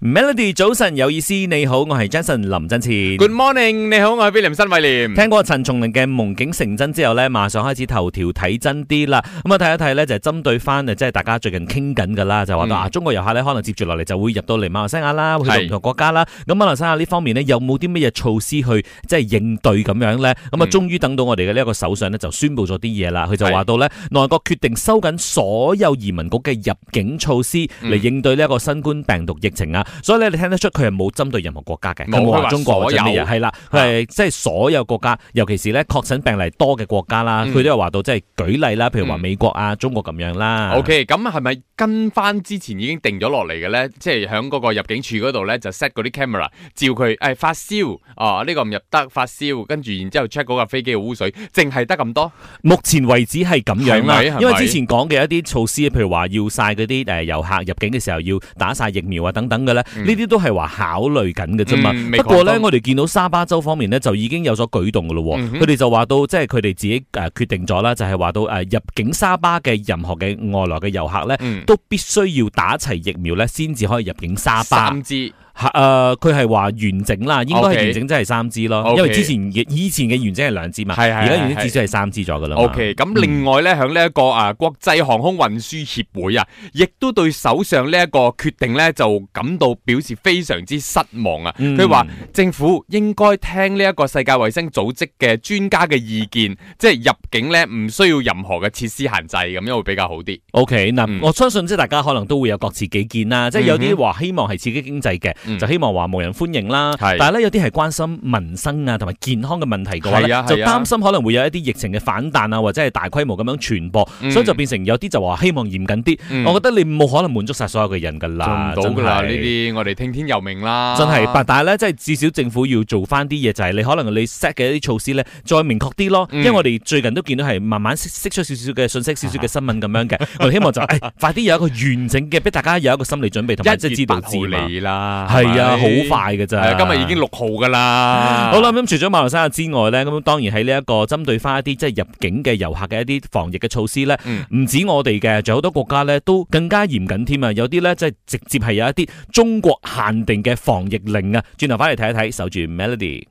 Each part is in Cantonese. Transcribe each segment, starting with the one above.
Melody，早晨有意思，你好，我係 Jason 林振前。Good morning，你好，我係威廉申偉廉。聽過陳松伶嘅《夢境成真》之後咧，馬上開始頭條睇真啲啦。咁啊，睇一睇咧，就係針對翻誒，即係大家最近傾緊噶啦，就話到啊，中國遊客咧可能接住落嚟就會入到嚟馬來西亞啦，去唔同國家啦。咁馬來西亞呢方面咧，有冇啲乜嘢措施去即係應對咁樣咧？咁啊，終於等到我哋嘅呢一個首相咧，就宣佈咗啲嘢啦。佢就話到咧，內閣決定收緊所有移民局嘅入境措施嚟應對呢一個新冠病毒疫情啊。所以咧，你聽得出佢係冇針對任何國家嘅，冇話中國或者乜嘢，係啦，係即係所有國家，尤其是咧確診病例多嘅國家啦，佢都有話到即係舉例啦，譬如話美國啊、中國咁樣啦。OK，咁係咪跟翻之前已經定咗落嚟嘅咧？即係喺嗰個入境處嗰度咧，就 set 嗰啲 camera 照佢，誒發燒啊呢個唔入得，發燒，跟住然之後 check 嗰架飛機嘅污水，淨係得咁多。目前為止係咁樣，因為之前講嘅一啲措施，譬如話要晒嗰啲誒遊客入境嘅時候要打晒疫苗啊等等噶啦。呢啲都係話考慮緊嘅啫嘛，嗯、不過呢，我哋見到沙巴州方面呢，就已經有所舉動噶咯，佢哋、嗯、哼就話到即係佢哋自己誒決定咗啦，就係、是、話到誒入境沙巴嘅任何嘅外來嘅遊客呢，嗯、都必須要打齊疫苗呢，先至可以入境沙巴。嚇誒，佢係話完整啦，應該係完整真係三支咯，Okay. 因為之前嘅以前嘅完整係兩支嘛，而家 Okay. 完整至少係三支咗噶啦。OK，咁另外咧，響呢一個啊國際航空運輸協會啊，亦都對首相呢一個決定咧，就感到表示非常之失望啊！佢話、嗯、政府應該聽呢一個世界衛生組織嘅專家嘅意見， 即係入境咧唔需要任何嘅設施限制，咁樣會比較好啲。OK，嗱那，嗯、我相信即係大家可能都會有各自見解啦，嗯、即係有啲話希望係刺激經濟嘅。 就希望話無人歡迎啦，但係咧有啲係關心民生啊同埋健康嘅問題嘅話，就擔心可能會有一啲疫情嘅反彈啊，或者係大規模咁樣傳播，所以就變成有啲就話希望嚴謹啲。我覺得你冇可能滿足晒所有嘅人㗎啦，做唔到啦呢啲，我哋聽天由命啦，真係，但係咧即係至少政府要做翻啲嘢，就係你可能你 set 嘅一啲措施咧再明確啲咯，因為我哋最近都見到係慢慢釋出少少嘅信息、少少嘅新聞咁樣嘅，我哋希望就快啲有一個完整嘅，俾大家有一個心理準備同埋即係知道自理啦。係啊，好快㗎咋。今日已經六號噶啦。好啦，咁除咗馬來西亞之外咧，咁當然喺呢一個針對翻一啲即係入境嘅遊客嘅一啲防疫嘅措施咧，唔止我哋嘅，仲有好多國家咧都更加嚴謹添啊！有啲咧即係直接係有一啲中國限定嘅防疫令啊！轉頭翻嚟睇一睇，守住 Melody。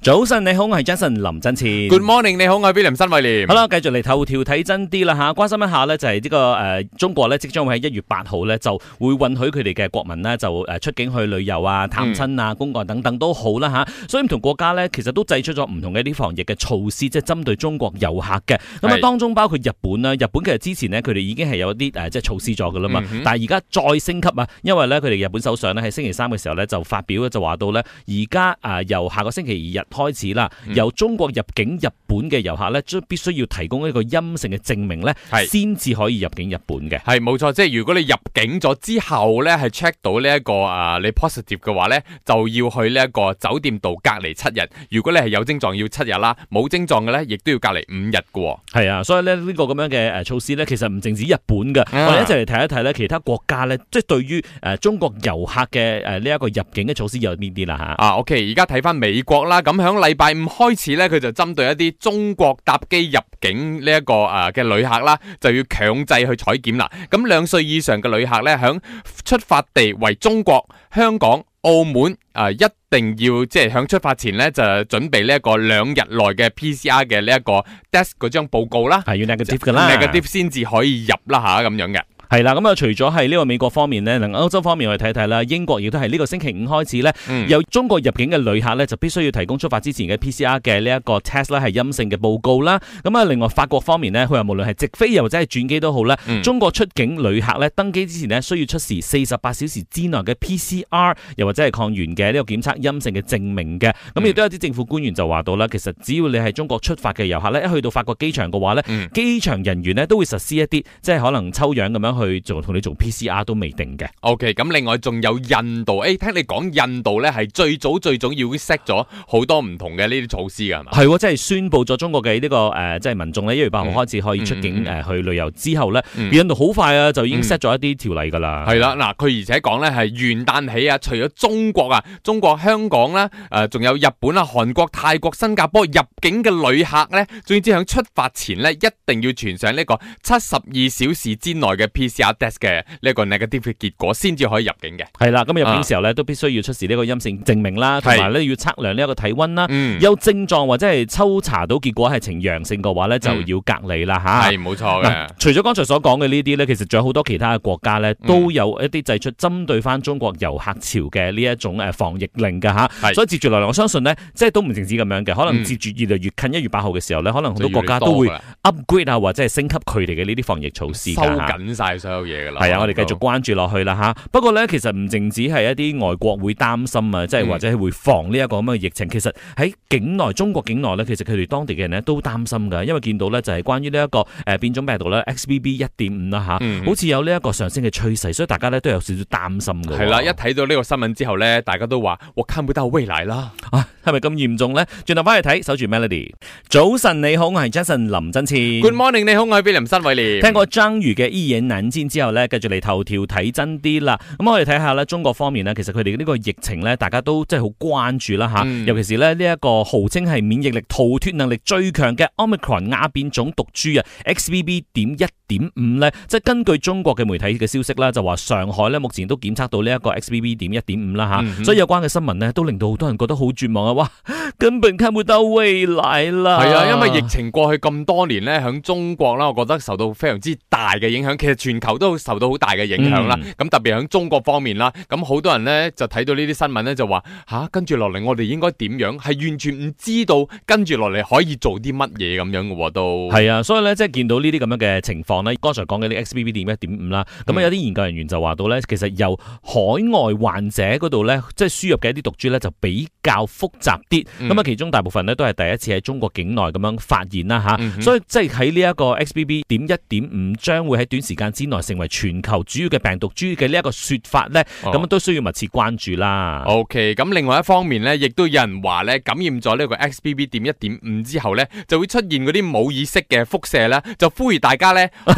早晨，你好，我係 Jason 林振千。Good morning，你好，我係 William 申偉廉。好啦，繼續嚟頭條睇真啲啦吓，關心一下呢、這個，就係呢個誒，中國呢，即將會喺一月八號呢，就會允許佢哋嘅國民呢，就誒出境去旅遊啊、探親啊、公幹等等都好啦吓、啊。所以唔同國家呢，其實都制出咗唔同嘅一啲防疫嘅措施，即係針對中國遊客嘅。咁啊，當中包括日本啦，日本其實之前呢，佢哋已經係有一啲誒即係措施咗噶啦嘛，嗯、哼但係而家再升級啊，因為呢，佢哋日本首相呢，喺星期三嘅時候呢，就發表就話到呢，而家啊由下個星期二。日開始啦，嗯、由中國入境日本嘅遊客咧，將必須要提供一個陰性嘅證明咧，先至係可以入境日本嘅。係冇錯，即係如果你入境咗之後咧，係 check 到呢、這、一個啊你 positive 嘅話咧，就要去呢一個酒店度隔離七日。如果你係有症狀，要七日啦；冇症狀嘅咧，亦都要隔離五日嘅喎。係啊，所以咧呢個咁樣嘅誒措施咧，其實唔淨止日本嘅，啊、我哋一齊嚟睇一睇咧，其他國家咧，即係對於誒中國遊客嘅誒呢一個入境嘅措施有邊啲啦嚇。啊，OK，而家睇翻美國啦。咁響禮拜五開始咧，佢就針對一啲中國搭機入境呢一個誒嘅旅客啦，就要強制去採檢啦。咁兩歲以上嘅旅客咧，喺出發地為中國、香港、澳門誒、呃，一定要即係喺出發前咧就準備呢一個兩日內嘅 PCR 嘅呢一個 test 嗰張報告啦，係要 you negative 啦 negative 先至可以入啦吓，咁樣嘅。係啦，咁啊，除咗係呢個美國方面咧，另歐洲方面我哋睇睇啦。英國亦都係呢個星期五開始咧，由、嗯、中國入境嘅旅客呢，就必須要提供出發之前嘅 PCR 嘅呢一個 test 啦，係陰性嘅報告啦。咁啊，另外法國方面呢，佢話無論係直飛又或者係轉機都好啦，嗯、中國出境旅客呢，登機之前呢，需要出示四十八小時之內嘅 PCR 又或者係抗原嘅呢個檢測陰性嘅證明嘅。咁亦都有啲政府官員就話到啦，其實只要你係中國出發嘅遊客呢，一去到法國機場嘅話呢，機、嗯、場人員呢，都會實施一啲即係可能抽樣咁樣去。去做同你做 P.C.R 都未定嘅。O.K. 咁另外仲有印度，誒、欸，聽你講印度咧係最早最早要 set 咗好多唔同嘅呢啲措施噶，係嘛？係、哦、即係宣布咗中國嘅呢、這個誒、呃，即係民眾咧一月八號開始可以出境誒、嗯嗯嗯呃、去旅遊之後咧，嗯、印度好快啊就已經 set 咗一啲條例噶啦。係啦、嗯，嗱、嗯、佢而且講咧係元旦起啊，除咗中國啊、中國香港啦、啊，誒，仲有日本啊，韓國、泰國、新加坡入境嘅旅客咧，總之響出發前咧一定要傳上呢個七十二小時之內嘅嘅呢一個 negative 嘅結果先至可以入境嘅。係啦，咁入境時候咧都必須要出示呢個陰性證明啦，同埋咧要測量呢一個體温啦。嗯、有症狀或者係抽查到結果係呈陽性嘅話咧，就要隔離啦嚇。係冇、嗯啊、錯嘅、啊。除咗剛才所講嘅呢啲咧，其實仲有好多其他嘅國家咧，嗯、都有一啲祭出針對翻中國遊客潮嘅呢一種誒防疫令嘅嚇。啊、是所以接住落嚟，我相信咧，即係都唔淨止咁樣嘅，可能接住越嚟越近一月八號嘅時候咧，可能好多國家都會 upgrade 啊，或者係升級佢哋嘅呢啲防疫措施、啊、收緊晒所有嘢噶啦，係啊，我哋繼續關注落去啦吓。不過咧，其實唔淨止係一啲外國會擔心啊，即係或者係會防呢一個咁嘅疫情。其實喺境內，中國境內咧，其實佢哋當地嘅人咧都擔心噶，因為見到咧就係關於呢一個誒變種病毒咧 XBB 一點五啦吓，好似有呢一個上升嘅趨勢，所以大家咧都有少少擔心嘅。係啦，一睇到呢個新聞之後咧，大家都話我 come to the 未來啦，啊，係咪咁嚴重咧？轉頭翻去睇，守住 Melody。早晨你好，我係 Jason 林真千。Good morning，你好，我係邊林新偉廉。聽過章魚嘅衣影難。然之後咧，繼續嚟頭條睇真啲啦。咁我哋睇下咧，中國方面咧，其實佢哋呢個疫情咧，大家都即係好關注啦嚇。尤其是咧呢一個號稱係免疫力逃脫能力最強嘅 Omicron 亞變種毒株啊，XBB 點一點五咧，即係根據中國嘅媒體嘅消息啦，就話上海咧目前都檢測到呢一個 XBB 點一點五啦嚇。所以有關嘅新聞咧，都令到好多人覺得好絕望啊！哇，根本睇唔到未來啦。係啊，因為疫情過去咁多年咧，喺中國啦，我覺得受到非常之大嘅影響。其實全全球都受到好大嘅影響啦，咁、嗯、特別喺中國方面啦，咁好多人咧就睇到呢啲新聞咧就話吓，跟住落嚟我哋應該點樣？係完全唔知道跟住落嚟可以做啲乜嘢咁樣嘅都。係啊，所以咧即係見到呢啲咁樣嘅情況咧，剛才講嘅啲 XBB 點一點五啦，咁啊有啲研究人員就話到咧，其實由海外患者嗰度咧，即係輸入嘅一啲毒株咧就比較複雜啲，咁啊，其中大部分咧都係第一次喺中國境內咁樣發現啦吓，所以即係喺呢一個 XBB. 點一點五將會喺短時間之內成為全球主要嘅病毒株嘅呢一個說法咧，咁啊都需要密切關注啦。OK，咁另外一方面咧，亦都有人話咧，感染咗呢個 XBB. 點一點五之後咧，就會出現嗰啲冇意識嘅腹瀉咧，就呼籲大家咧去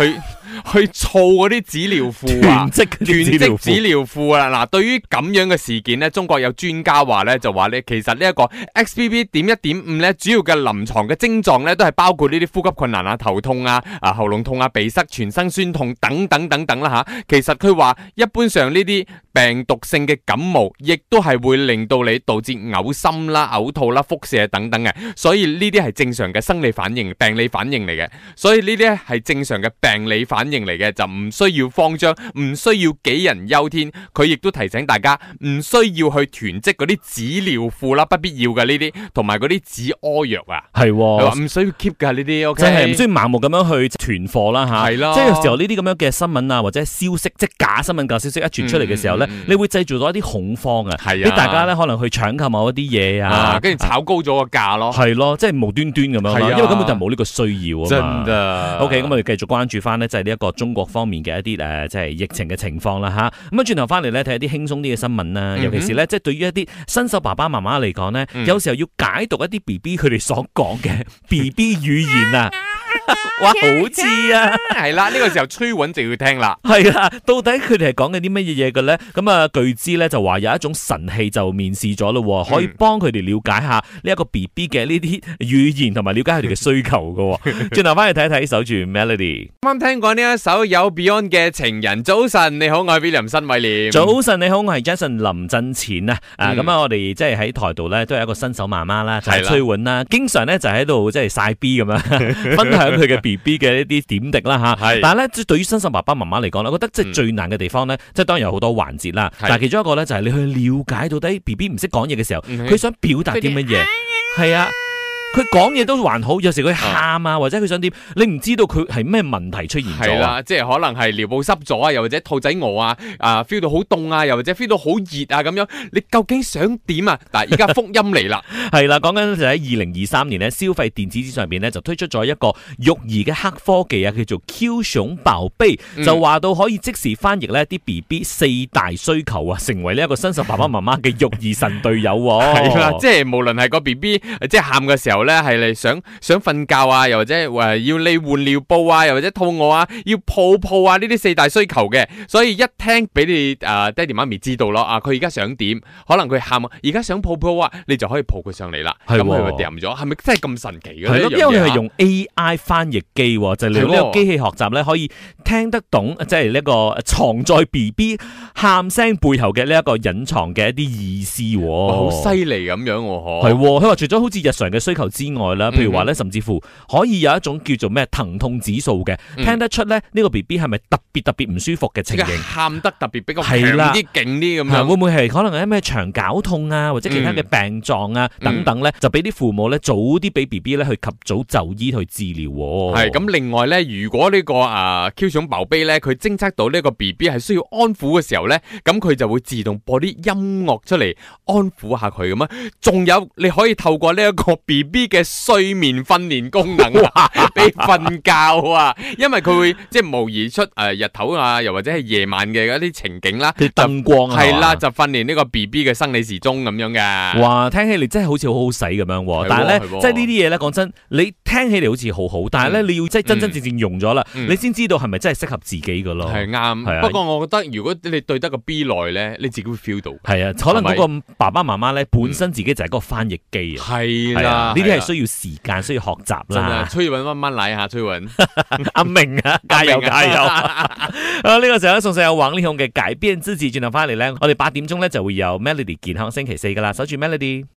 去鋪嗰啲紙尿褲啊，全織紙尿褲啊！嗱，對於咁樣嘅事件咧，中國有專家話咧就話咧。其實呢一個 XBB. 點一點五咧，主要嘅臨床嘅症狀咧，都係包括呢啲呼吸困難啊、頭痛啊、啊喉嚨痛啊、鼻塞、全身酸痛等等等等啦、啊、吓。其實佢話一般上呢啲病毒性嘅感冒，亦都係會令到你導致嘔心啦、嘔吐啦、腹瀉等等嘅，所以呢啲係正常嘅生理反應、病理反應嚟嘅。所以呢啲咧係正常嘅病理反應嚟嘅，就唔需要慌張，唔需要杞人憂天。佢亦都提醒大家，唔需要去囤積嗰啲紙尿。庫啦，不必要嘅呢啲，同埋嗰啲止屙藥啊，係喎，唔需要 keep 㗎呢啲，O K，即係唔需要盲目咁樣去囤貨啦，吓，係咯，即係有時候呢啲咁樣嘅新聞啊，或者消息，即係假新聞、假消息一傳出嚟嘅時候咧，你會製造到一啲恐慌啊，係啊，大家咧可能去搶購某一啲嘢啊，跟住炒高咗個價咯，係咯，即係無端端咁樣，因為根本就冇呢個需要啊嘛，真㗎，O K，咁我哋繼續關注翻咧，就係呢一個中國方面嘅一啲誒，即係疫情嘅情況啦，吓，咁啊轉頭翻嚟咧睇一啲輕鬆啲嘅新聞啦，尤其是咧，即係對於一啲新手爸爸媽媽嚟講咧，有時候要解讀一啲 B B 佢哋所講嘅 B B 語言啊， 哇，好似啊，係 啦，呢、這個時候崔允就要聽啦，係啦，到底佢哋係講緊啲乜嘢嘢嘅咧？咁、嗯、啊，據知咧就話有一種神器就面試咗咯，可以幫佢哋了解下呢一個 B B 嘅呢啲語言同埋了解佢哋嘅需求噶。轉頭翻去睇一睇呢首住 Melody，啱啱聽講呢一首有 Beyond 嘅情人，早晨你好，我係 William 新偉廉，早晨你好，我係 Jason 林振前啊，啊咁啊，我哋即係喺。喺台度咧都係一個新手媽媽啦，就係翠婉啦，的經常咧就喺、是、度即係晒 B 咁樣，分享佢嘅 B B 嘅一啲點滴啦嚇。 的但係咧對於新手爸爸媽媽嚟講咧，我覺得即係最難嘅地方咧，嗯、即係當然有好多環節啦。的但係其中一個咧就係、是、你去了解到底 B B 唔識講嘢嘅時候，佢的想表達啲乜嘢？係啊。 佢講嘢都還好，有時佢喊啊，或者佢想點，你唔知道佢係咩問題出現咗。係啦，即係可能係尿布濕咗啊，又或者兔仔餓啊，啊 feel 到好凍啊，又或者 feel 到好熱啊咁樣，你究竟想點啊？嗱，依家福音嚟啦，係啦，講緊就喺二零二三年呢，消費電子展上面呢就推出咗一個育兒嘅黑科技啊，叫做 Q 熊抱杯，就話到可以即時翻譯呢啲 B B 四大需求啊，成為呢一個新手爸爸媽媽嘅育兒神隊友。係啦，即係無論係個 B B 即係喊嘅時候。咧係你想想瞓覺啊，又或者話、呃、要你換尿布啊，又或者肚餓啊，要抱抱啊，呢啲四大需求嘅，所以一聽俾你誒爹哋媽咪知道咯啊，佢而家想點，可能佢喊，啊，而家想抱抱啊，你就可以抱佢上嚟啦，咁佢咪入咗，係咪、嗯、真係咁神奇嘅、哦？因為係用 A I 翻譯機、啊，就令、是、呢個機器學習咧可以聽得懂，哦、即係呢個藏在 B B 喊聲背後嘅呢一個隱藏嘅一啲意思，好犀利咁樣，係、啊，佢話、哦、除咗好似日常嘅需求之外啦，譬如話咧，甚至乎可以有一種叫做咩疼痛指數嘅，嗯、聽得出咧呢、這個 B B 係咪特別特別唔舒服嘅情形，喊得特別比較強啲、勁啲咁樣，會唔會係可能係咩腸絞痛啊，或者其他嘅病狀啊等等咧，嗯嗯、就俾啲父母咧早啲俾 B B 咧去及早就醫去治療、啊？係咁，另外咧，如果、這個啊、呢個啊 Q 上毛坯咧，佢偵測到呢個 B B 係需要安撫嘅時候咧，咁佢就會自動播啲音樂出嚟安撫下佢咁樣，仲有你可以透過呢一個 B B B 嘅睡眠訓練功能，你瞓覺啊，因為佢會即係模擬出誒日頭啊，又或者係夜晚嘅一啲情景啦，啲燈光係啦，就訓練呢個 B B 嘅生理時鐘咁樣噶。哇，聽起嚟真係好似好好使咁樣喎，但係咧，即係呢啲嘢咧，講真，你聽起嚟好似好好，但係咧，你要即係真真正正用咗啦，你先知道係咪真係適合自己噶咯。係啱，不過我覺得如果你對得個 B 內咧，你自己會 feel 到。係啊，可能嗰個爸爸媽媽咧，本身自己就係嗰個翻譯機啊。係啦。都係需要時間，需要學習啦。崔允慢慢嚟下，崔允。阿明啊，加油加油！ 啊，呢、這個時候咧，宋世友黃呢雄嘅改變之治，轉頭翻嚟咧，我哋八點鐘咧就會有 Melody 健康星期四噶啦，守住 Melody。